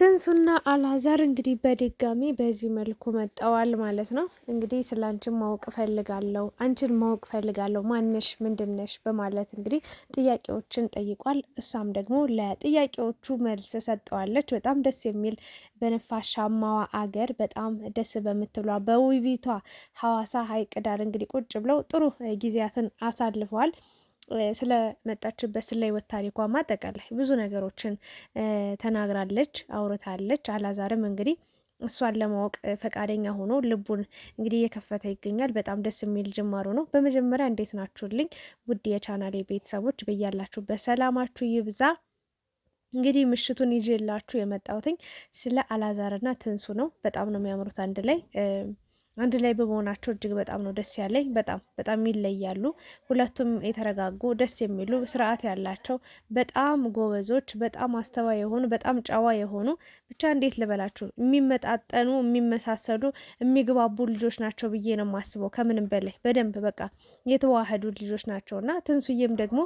ትንሱና አላዛር እንግዲህ በድጋሚ በዚህ መልኩ መጠዋል ማለት ነው። እንግዲህ ስለ አንቺን ማወቅ ፈልጋለሁ፣ አንቺን ማወቅ ፈልጋለሁ፣ ማነሽ፣ ምንድነሽ በማለት እንግዲህ ጥያቄዎችን ጠይቋል። እሷም ደግሞ ለጥያቄዎቹ መልስ ሰጠዋለች። በጣም ደስ የሚል በነፋሻማዋ አገር በጣም ደስ በምትብሏ በውቢቷ ሀዋሳ ሐይቅ ዳር እንግዲህ ቁጭ ብለው ጥሩ ጊዜያትን አሳልፈዋል። ስለመጣችበት ስለ ህይወት ታሪኳ ማጠቃላይ ብዙ ነገሮችን ተናግራለች፣ አውርታለች። አላዛርም እንግዲህ እሷን ለማወቅ ፈቃደኛ ሆኖ ልቡን እንግዲህ እየከፈተ ይገኛል። በጣም ደስ የሚል ጅማሩ ነው። በመጀመሪያ እንዴት ናችሁልኝ ውድ የቻናሌ ቤተሰቦች፣ በያላችሁበት ሰላማችሁ ይብዛ። እንግዲህ ምሽቱን ይዤላችሁ የመጣሁትኝ ስለ አላዛርና ትንሱ ነው። በጣም ነው የሚያምሩት አንድ ላይ አንድ ላይ በመሆናቸው እጅግ በጣም ነው ደስ ያለኝ። በጣም በጣም ይለያሉ። ሁለቱም የተረጋጉ ደስ የሚሉ ስርዓት ያላቸው በጣም ጎበዞች፣ በጣም አስተዋይ የሆኑ በጣም ጨዋ የሆኑ ብቻ እንዴት ልበላችሁ የሚመጣጠኑ የሚመሳሰሉ የሚግባቡ ልጆች ናቸው ብዬ ነው የማስበው። ከምንም በላይ በደንብ በቃ የተዋህዱ ልጆች ናቸው እና ትንሱዬም ደግሞ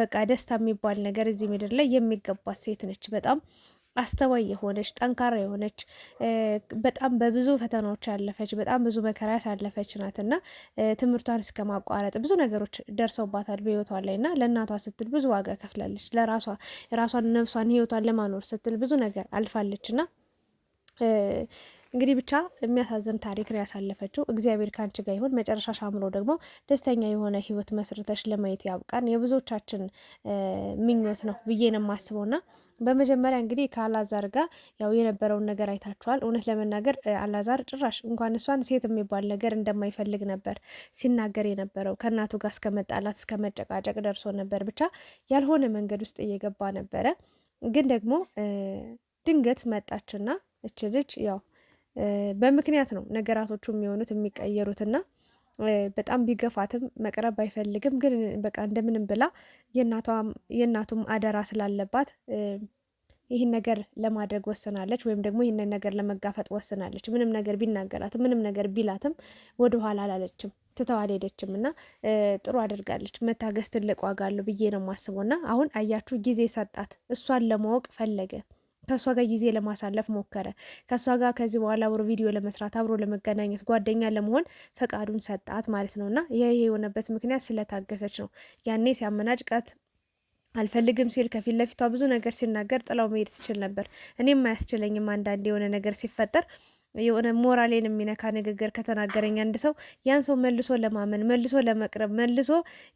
በቃ ደስታ የሚባል ነገር እዚህ ምድር ላይ የሚገባት ሴት ነች በጣም አስተዋይ የሆነች ጠንካራ የሆነች በጣም በብዙ ፈተናዎች ያለፈች በጣም ብዙ መከራ ያሳለፈች ናት እና ትምህርቷን እስከ ማቋረጥ ብዙ ነገሮች ደርሰውባታል በህይወቷ ላይ እና ለእናቷ ስትል ብዙ ዋጋ ከፍላለች። ለራሷ ራሷን፣ ነፍሷን፣ ህይወቷን ለማኖር ስትል ብዙ ነገር አልፋለች እና እንግዲህ ብቻ የሚያሳዝን ታሪክ ነው ያሳለፈችው። እግዚአብሔር ከአንቺ ጋር ይሁን። መጨረሻ ሻምሮ ደግሞ ደስተኛ የሆነ ህይወት መስርተሽ ለማየት ያብቃን የብዙዎቻችን ምኞት ነው ብዬ ነው የማስበው በመጀመሪያ እንግዲህ ከአላዛር ጋር ያው የነበረውን ነገር አይታችኋል። እውነት ለመናገር አላዛር ጭራሽ እንኳን እሷን ሴት የሚባል ነገር እንደማይፈልግ ነበር ሲናገር የነበረው። ከእናቱ ጋር እስከመጣላት መጣላት እስከ መጨቃጨቅ ደርሶ ነበር። ብቻ ያልሆነ መንገድ ውስጥ እየገባ ነበረ። ግን ደግሞ ድንገት መጣችና እች ልጅ ያው በምክንያት ነው ነገራቶቹ የሚሆኑት የሚቀየሩትና በጣም ቢገፋትም መቅረብ አይፈልግም። ግን በቃ እንደምንም ብላ የእናቱም አደራ ስላለባት ይህን ነገር ለማድረግ ወስናለች፣ ወይም ደግሞ ይህንን ነገር ለመጋፈጥ ወስናለች። ምንም ነገር ቢናገራትም ምንም ነገር ቢላትም ወደኋላ አላለችም፣ ትተው አልሄደችም እና ጥሩ አድርጋለች። መታገስ ትልቅ ዋጋ አለው ብዬ ነው የማስበው። እና አሁን አያችሁ ጊዜ ሰጣት፣ እሷን ለማወቅ ፈለገ። ከእሷ ጋር ጊዜ ለማሳለፍ ሞከረ። ከእሷ ጋር ከዚህ በኋላ አብሮ ቪዲዮ ለመስራት አብሮ ለመገናኘት ጓደኛ ለመሆን ፈቃዱን ሰጣት ማለት ነው እና ይህ የሆነበት ምክንያት ስለታገሰች ነው። ያኔ ሲያመናጭቃት አልፈልግም ሲል ከፊት ለፊቷ ብዙ ነገር ሲናገር ጥላው መሄድ ትችል ነበር። እኔም አያስችለኝም አንዳንድ የሆነ ነገር ሲፈጠር የሆነ ሞራሌን የሚነካ ንግግር ከተናገረኝ አንድ ሰው ያን ሰው መልሶ ለማመን መልሶ ለመቅረብ መልሶ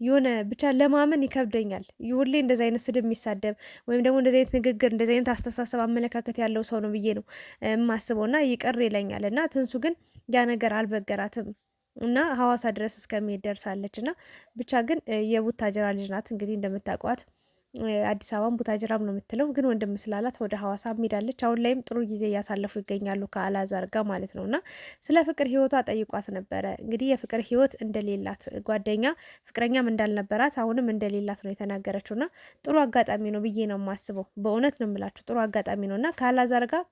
የሆነ ብቻ ለማመን ይከብደኛል። ሁሌ እንደዚ አይነት ስድብ የሚሳደብ ወይም ደግሞ እንደዚ አይነት ንግግር እንደዚ አይነት አስተሳሰብ አመለካከት ያለው ሰው ነው ብዬ ነው የማስበው እና ይቀር ይለኛል እና ትንሱ ግን ያ ነገር አልበገራትም እና ሀዋሳ ድረስ እስከሚሄድ ደርሳለች እና ብቻ ግን የቡታጀራ ልጅ ናት እንግዲህ እንደምታውቋት አዲስ አበባም ቡታጅራም ነው የምትለው፣ ግን ወንድም ስላላት ወደ ሀዋሳ ሄዳለች። አሁን ላይም ጥሩ ጊዜ እያሳለፉ ይገኛሉ ከአላዛር ጋር ማለት ነው። እና ስለ ፍቅር ህይወቷ ጠይቋት ነበረ። እንግዲህ የፍቅር ህይወት እንደሌላት ጓደኛ ፍቅረኛም እንዳልነበራት አሁንም እንደሌላት ነው የተናገረችው። እና ጥሩ አጋጣሚ ነው ብዬ ነው የማስበው። በእውነት ነው የምላችሁ ጥሩ አጋጣሚ ነው እና ከአላዛር ጋር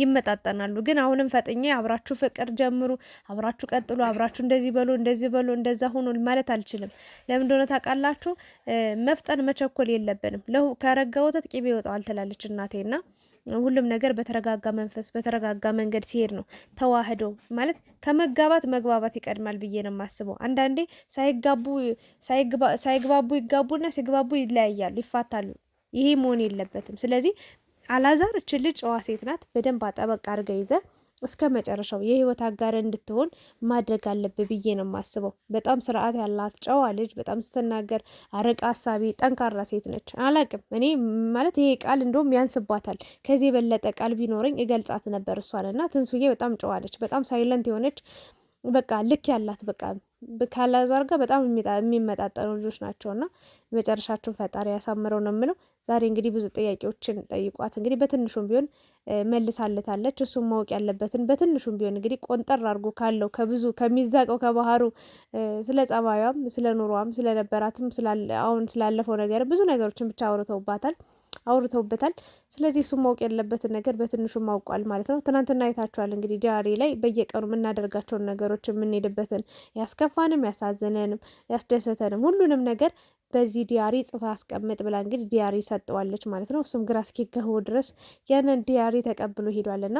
ይመጣጠናሉ። ግን አሁንም ፈጥኜ አብራችሁ ፍቅር ጀምሩ፣ አብራችሁ ቀጥሉ፣ አብራችሁ እንደዚህ በሉ፣ እንደዚህ በሉ፣ እንደዛ ሆኖ ማለት አልችልም። ለምን እንደሆነ ታውቃላችሁ? መፍጠን መቸኮል የለብንም። ከረጋ ወተት ቅቤ ይወጣዋል ትላለች እናቴና ሁሉም ነገር በተረጋጋ መንፈስ በተረጋጋ መንገድ ሲሄድ ነው ተዋህዶ ማለት ከመጋባት መግባባት ይቀድማል ብዬ ነው የማስበው። አንዳንዴ ሳይግባቡ ይጋቡና ሲግባቡ ይለያያሉ፣ ይፋታሉ። ይሄ መሆን የለበትም። ስለዚህ አላዛር እች ልጅ ጨዋ ሴት ናት፣ በደንብ አጠበቅ አድርገ ይዘ እስከ መጨረሻው የህይወት አጋር እንድትሆን ማድረግ አለብ ብዬ ነው የማስበው። በጣም ስርዓት ያላት ጨዋ ልጅ፣ በጣም ስትናገር አረቃ ሀሳቢ ጠንካራ ሴት ነች። አላቅም እኔ ማለት ይሄ ቃል እንደውም ያንስባታል። ከዚህ የበለጠ ቃል ቢኖረኝ እገልጻት ነበር እሷን እና ትንሱዬ በጣም ጨዋ ነች፣ በጣም ሳይለንት የሆነች በቃ ልክ ያላት በቃ ካላዛር ጋር በጣም የሚመጣጠኑ ልጆች ናቸው እና መጨረሻቸውን ፈጣሪ ያሳምረው ነው የምለው። ዛሬ እንግዲህ ብዙ ጥያቄዎችን ጠይቋት እንግዲህ በትንሹም ቢሆን መልሳለታለች። እሱም ማወቅ ያለበትን በትንሹም ቢሆን እንግዲህ ቆንጠር አድርጎ ካለው ከብዙ ከሚዛቀው ከባህሩ ስለ ጸባዩም፣ ስለ ኑሯም፣ ስለነበራትም፣ አሁን ስላለፈው ነገር ብዙ ነገሮችን ብቻ አውርተውባታል። አውርተውበታል። ስለዚህ እሱም ማወቅ ያለበትን ነገር በትንሹ ማውቋል ማለት ነው። ትናንትና አይታችኋል እንግዲህ ዲያሪ ላይ በየቀኑ የምናደርጋቸውን ነገሮች የምንሄድበትን፣ ያስከፋንም፣ ያሳዘነንም፣ ያስደሰተንም ሁሉንም ነገር በዚህ ዲያሪ ጽፋ አስቀምጥ ብላ እንግዲህ ዲያሪ ሰጠዋለች ማለት ነው። እሱም ግራ እስኪገባው ድረስ ያንን ዲያሪ ተቀብሎ ሄዷልና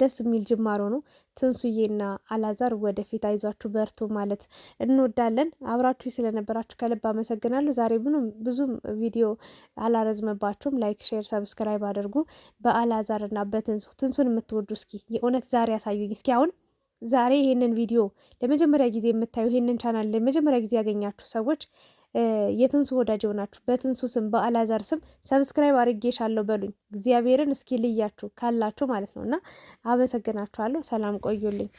ደስ የሚል ጅማሮ ነው። ትንሱዬና አላዛር ወደፊት አይዟችሁ በርቱ ማለት እንወዳለን። አብራችሁ ስለነበራችሁ ከልብ አመሰግናለሁ። ዛሬ ብዙ ብዙም ቪዲዮ አላረዝመባችሁም። ላይክ፣ ሼር፣ ሰብስክራይብ አድርጉ። በአላዛር እና በትንሱ ትንሱን የምትወዱ እስኪ የእውነት ዛሬ ያሳዩኝ እስኪ አሁን ዛሬ ይሄንን ቪዲዮ ለመጀመሪያ ጊዜ የምታዩ ይሄንን ቻናል ለመጀመሪያ ጊዜ ያገኛችሁ ሰዎች የትንሱ ወዳጅ የሆናችሁ በትንሱ ስም በአላዛር ስም ሰብስክራይብ አድርጌሻለሁ በሉኝ። እግዚአብሔርን እስኪ ልያችሁ ካላችሁ ማለት ነው እና አመሰግናችኋለሁ። ሰላም ቆዩልኝ።